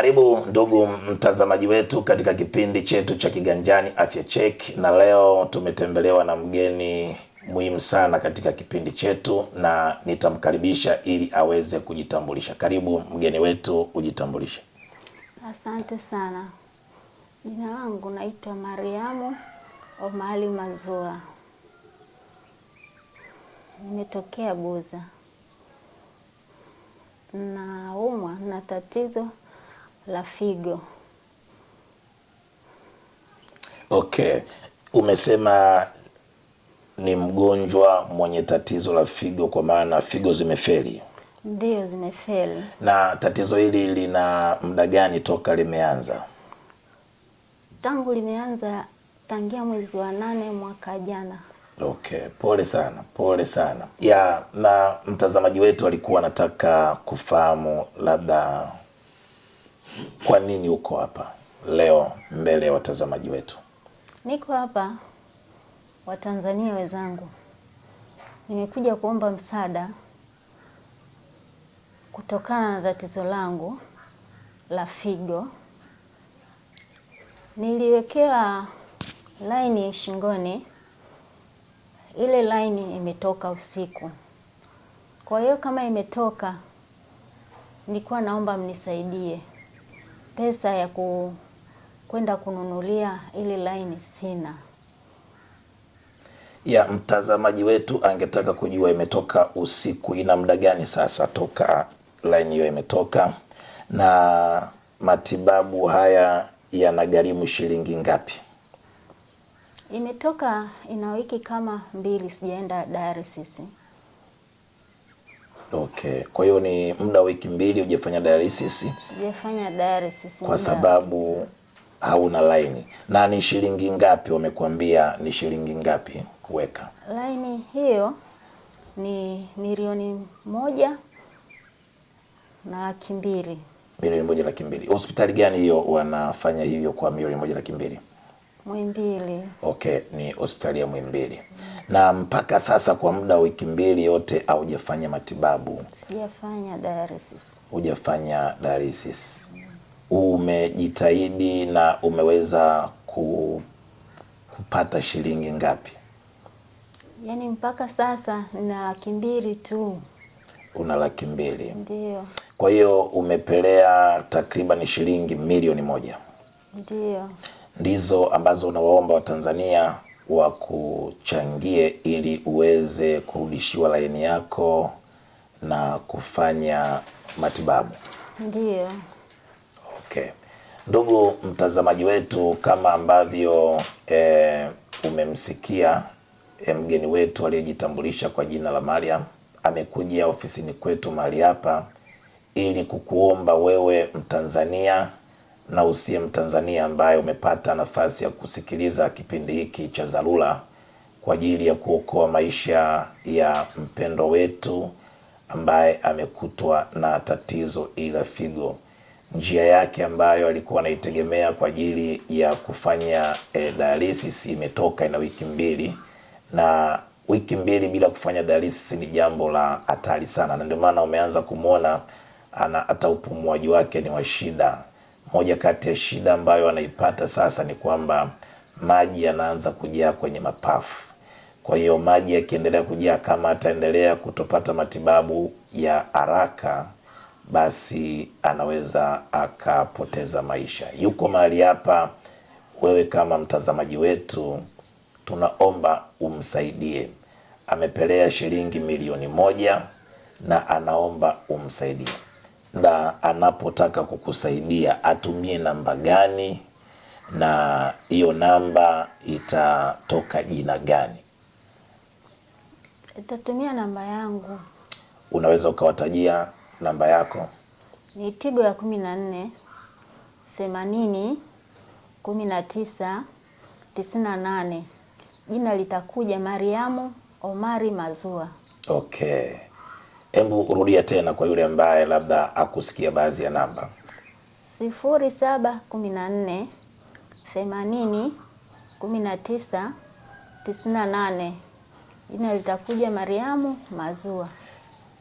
Karibu ndugu mtazamaji wetu katika kipindi chetu cha Kiganjani Afya Check, na leo tumetembelewa na mgeni muhimu sana katika kipindi chetu, na nitamkaribisha ili aweze kujitambulisha. Karibu mgeni wetu, ujitambulishe. Asante sana, jina langu naitwa Mariamu Omali Mazua, nimetokea Buza, naumwa na tatizo la figo. Okay, umesema ni mgonjwa mwenye tatizo la figo, kwa maana figo zimefeli? Ndiyo, zimefeli. Na tatizo hili lina muda gani toka limeanza? Tangu limeanza tangia mwezi wa nane mwaka jana. Okay, pole sana, pole sana ya. Na mtazamaji wetu alikuwa anataka kufahamu labda kwa nini uko hapa leo mbele ya watazamaji wetu? Niko hapa Watanzania wenzangu, nimekuja kuomba msaada kutokana na tatizo langu la figo. Niliwekewa laini shingoni, ile laini imetoka usiku. Kwa hiyo kama imetoka, nilikuwa naomba mnisaidie pesa ya ku kwenda kununulia ili laini sina. Ya mtazamaji wetu angetaka kujua imetoka usiku, ina muda gani sasa toka laini hiyo imetoka, na matibabu haya yanagharimu shilingi ngapi? Imetoka ina wiki kama mbili, sijaenda dialysis. Okay, kwa hiyo ni muda wa wiki mbili hujafanya dialysis? Hujafanya dialysis kwa sababu hauna laini. Na ni shilingi ngapi wamekuambia ni shilingi ngapi kuweka? Laini hiyo ni milioni moja na laki mbili. Milioni moja laki mbili. Hospitali gani hiyo wanafanya hivyo kwa milioni moja laki mbili? Mwimbili. Okay, ni hospitali ya Mwimbili. Mm. Na mpaka sasa kwa muda wa wiki mbili yote haujafanya matibabu? Sijafanya dialysis. Hujafanya dialysis. Mm. Umejitahidi na umeweza kupata shilingi ngapi? Yaani mpaka sasa nina laki mbili tu. Una laki mbili? Ndio. Kwa hiyo umepelea takriban shilingi milioni moja? Ndio ndizo ambazo unawaomba Watanzania wakuchangie ili uweze kurudishiwa laini yako na kufanya matibabu. Ndiyo. Okay. Ndugu mtazamaji wetu, kama ambavyo e, umemsikia e, mgeni wetu aliyejitambulisha kwa jina la Mariam amekuja ofisini kwetu mahali hapa ili kukuomba wewe Mtanzania na usiye Mtanzania ambaye umepata nafasi ya kusikiliza kipindi hiki cha dharura kwa ajili ya kuokoa maisha ya mpendo wetu ambaye amekutwa na tatizo ila figo. Njia yake ambayo alikuwa anaitegemea kwa ajili ya kufanya e, dialysis imetoka, ina wiki mbili, na wiki mbili bila kufanya dialysis ni jambo la hatari sana, na ndio maana umeanza kumwona ana hata upumuaji wake ni wa shida. Moja kati ya shida ambayo anaipata sasa ni kwamba maji yanaanza kujaa kwenye mapafu. Kwa hiyo maji yakiendelea kujaa, kama ataendelea kutopata matibabu ya haraka, basi anaweza akapoteza maisha. Yuko mahali hapa, wewe kama mtazamaji wetu, tunaomba umsaidie. Amepelea shilingi milioni moja na anaomba umsaidie na anapotaka kukusaidia atumie namba gani, na hiyo namba itatoka jina gani? Itatumia namba yangu. Unaweza ukawatajia namba yako? Ni Tigo ya kumi na nne themanini kumi na tisa tisini na nane. Jina litakuja Mariamu Omari Mazua. Okay. Hebu rudia tena kwa yule ambaye labda akusikia baadhi ya namba. sifuri saba kumi na nne themanini kumi na tisa tisini na nane. Jina litakuja Mariamu Mazua.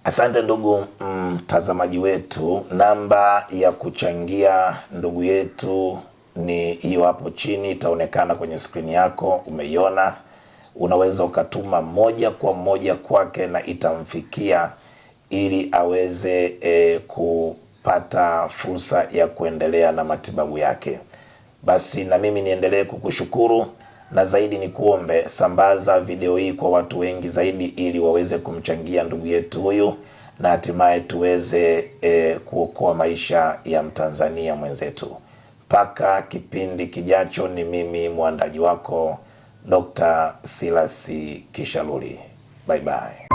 Asante ndugu mtazamaji mm, wetu. Namba ya kuchangia ndugu yetu ni hiyo hapo chini, itaonekana kwenye skrini yako, umeiona. Unaweza ukatuma moja kwa moja kwake na itamfikia ili aweze e, kupata fursa ya kuendelea na matibabu yake. Basi na mimi niendelee kukushukuru na zaidi ni kuombe, sambaza video hii kwa watu wengi zaidi, ili waweze kumchangia ndugu yetu huyu na hatimaye tuweze e, kuokoa maisha ya Mtanzania mwenzetu. Mpaka kipindi kijacho, ni mimi mwandaji wako Dr. Silasi Kishaluli. Bye bye.